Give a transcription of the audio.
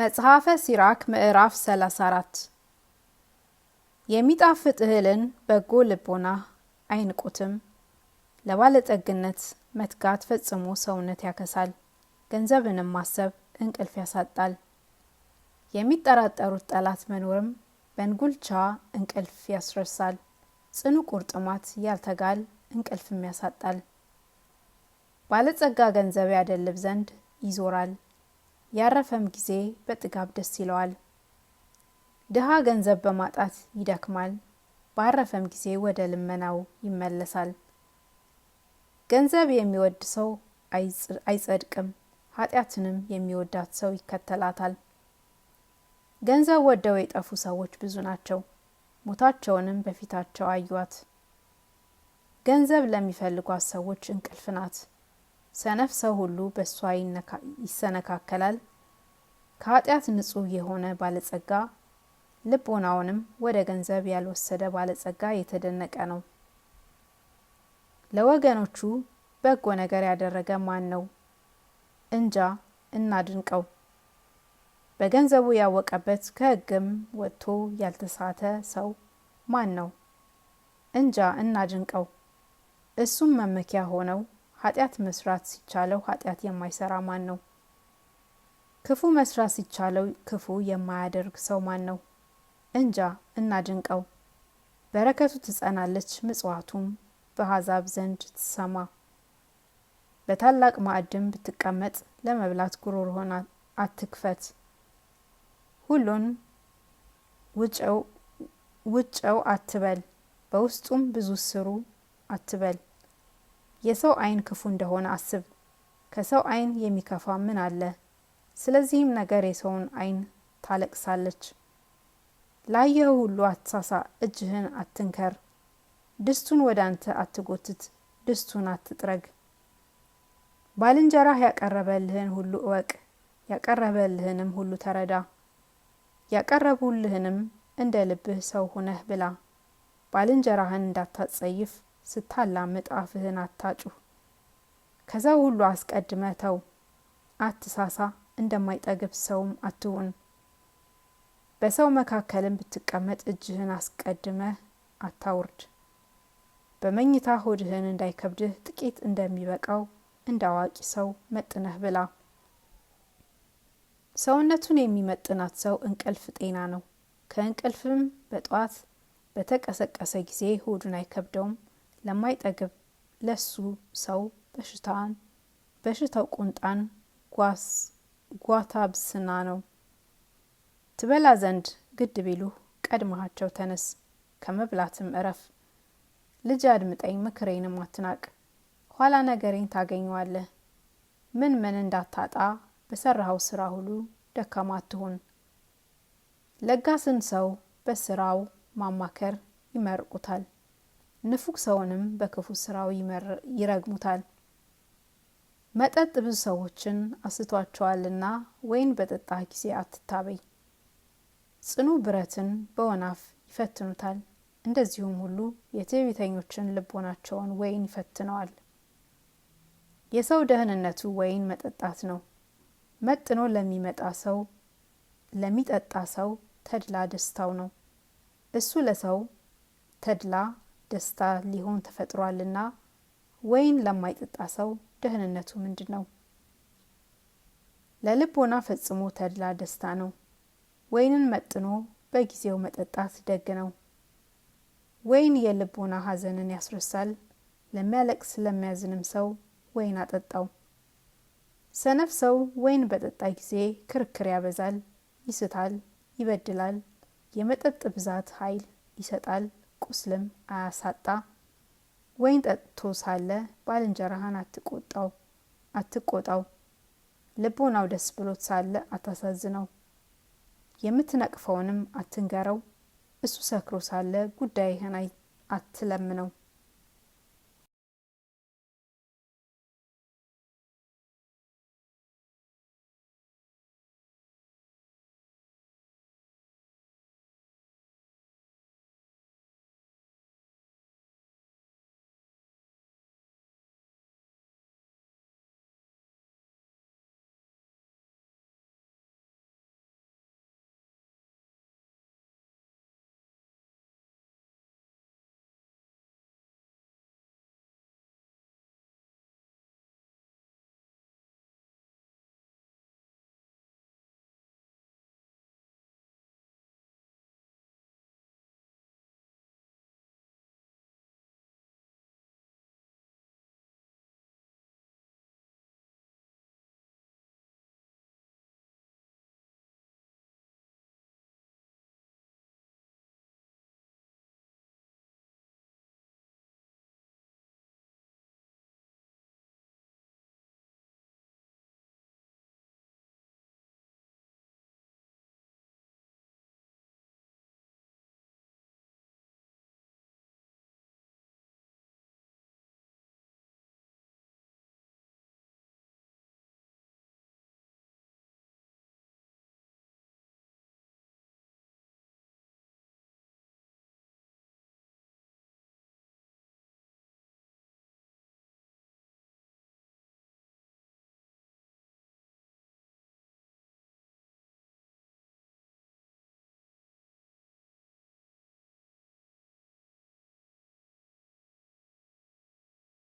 መጽሐፈ ሲራክ ምዕራፍ 34 የሚጣፍጥ እህልን በጎ ልቦና አይንቁትም። ለባለጠግነት መትጋት ፈጽሞ ሰውነት ያከሳል፣ ገንዘብንም ማሰብ እንቅልፍ ያሳጣል። የሚጠራጠሩት ጠላት መኖርም በንጉልቻ እንቅልፍ ያስረሳል። ጽኑ ቁርጥማት ያልተጋል፣ እንቅልፍም ያሳጣል። ባለጸጋ ገንዘብ ያደልብ ዘንድ ይዞራል ያረፈም ጊዜ በጥጋብ ደስ ይለዋል። ድሃ ገንዘብ በማጣት ይደክማል፣ ባረፈም ጊዜ ወደ ልመናው ይመለሳል። ገንዘብ የሚወድ ሰው አይጸድቅም፣ ኃጢአትንም የሚወዳት ሰው ይከተላታል። ገንዘብ ወደው የጠፉ ሰዎች ብዙ ናቸው፣ ሞታቸውንም በፊታቸው አዩዋት። ገንዘብ ለሚፈልጓት ሰዎች እንቅልፍ ናት። ሰነፍ ሰው ሁሉ በእሷ ይሰነካከላል። ከኃጢአት ንጹህ የሆነ ባለጸጋ ልቦናውንም ወደ ገንዘብ ያልወሰደ ባለጸጋ የተደነቀ ነው። ለወገኖቹ በጎ ነገር ያደረገ ማን ነው? እንጃ እናድንቀው። በገንዘቡ ያወቀበት ከሕግም ወጥቶ ያልተሳተ ሰው ማን ነው? እንጃ እናድንቀው። እሱም መመኪያ ሆነው ኃጢአት መስራት ሲቻለው ኃጢአት የማይሰራ ማን ነው? ክፉ መስራት ሲቻለው ክፉ የማያደርግ ሰው ማን ነው? እንጃ እናድንቀው። በረከቱ ትጸናለች፣ ምጽዋቱም በአሕዛብ ዘንድ ትሰማ። በታላቅ ማዕድም ብትቀመጥ ለመብላት ጉሮሮህን አትክፈት። ሁሉን ውጨው አትበል፣ በውስጡም ብዙ ስሩ አትበል። የሰው አይን ክፉ እንደሆነ አስብ፣ ከሰው አይን የሚከፋ ምን አለ? ስለዚህም ነገር የሰውን አይን ታለቅሳለች። ላየኸው ሁሉ አትሳሳ፣ እጅህን አትንከር፣ ድስቱን ወደ አንተ አትጎትት፣ ድስቱን አትጥረግ። ባልንጀራህ ያቀረበልህን ሁሉ እወቅ፣ ያቀረበልህንም ሁሉ ተረዳ። ያቀረቡልህንም እንደ ልብህ ሰው ሁነህ ብላ፣ ባልንጀራህን እንዳታጸይፍ ስታላምጥ አፍህን አታጩህ። ከሰው ሁሉ አስቀድመተው አትሳሳ፣ እንደማይጠግብ ሰውም አትሁን። በሰው መካከልም ብትቀመጥ እጅህን አስቀድመህ አታውርድ። በመኝታ ሆድህን እንዳይከብድህ ጥቂት እንደሚበቃው እንደ አዋቂ ሰው መጥነህ ብላ። ሰውነቱን የሚመጥናት ሰው እንቅልፍ ጤና ነው። ከእንቅልፍም በጧት በተቀሰቀሰ ጊዜ ሆዱን አይከብደውም። ለማይጠግብ ለሱ ሰው በሽታን በሽታው ቁንጣን ብስና ነው። ትበላ ዘንድ ግድ ቢሉ ቀድመሃቸው ተነስ፣ ከመብላትም እረፍ። ልጅ አድምጠኝ፣ ምክሬንም አትናቅ፣ ኋላ ነገሬን ታገኘዋለህ። ምን ምን እንዳታጣ በሰራኸው ስራ ሁሉ ደካማ አትሆን ለጋስን ሰው በስራው ማማከር ይመርቁታል፣ ንፉግ ሰውንም በክፉ ስራው ይረግሙታል። መጠጥ ብዙ ሰዎችን አስቷቸዋልና ወይን በጠጣ ጊዜ አትታበይ። ጽኑ ብረትን በወናፍ ይፈትኑታል፣ እንደዚሁም ሁሉ የትዕቢተኞችን ልቦናቸውን ወይን ይፈትነዋል። የሰው ደህንነቱ ወይን መጠጣት ነው። መጥኖ ለሚመጣ ሰው ለሚጠጣ ሰው ተድላ ደስታው ነው። እሱ ለሰው ተድላ ደስታ ሊሆን ተፈጥሯልና ወይን ለማይጠጣ ሰው ደህንነቱ ምንድን ነው? ለልቦና ፈጽሞ ተድላ ደስታ ነው። ወይንን መጥኖ በጊዜው መጠጣት ደግ ነው። ወይን የልቦና ሐዘንን ያስረሳል። ለሚያለቅስ ለሚያዝንም ሰው ወይን አጠጣው። ሰነፍ ሰው ወይን በጠጣ ጊዜ ክርክር ያበዛል፣ ይስታል፣ ይበድላል። የመጠጥ ብዛት ኃይል ይሰጣል። ቁስልም አያሳጣ። ወይን ጠጥቶ ሳለ ባልንጀራህን አትቆጣው አትቆጣው። ልቦናው ደስ ብሎት ሳለ አታሳዝነው። የምትነቅፈውንም አትንገረው። እሱ ሰክሮ ሳለ ጉዳይህን አትለምነው።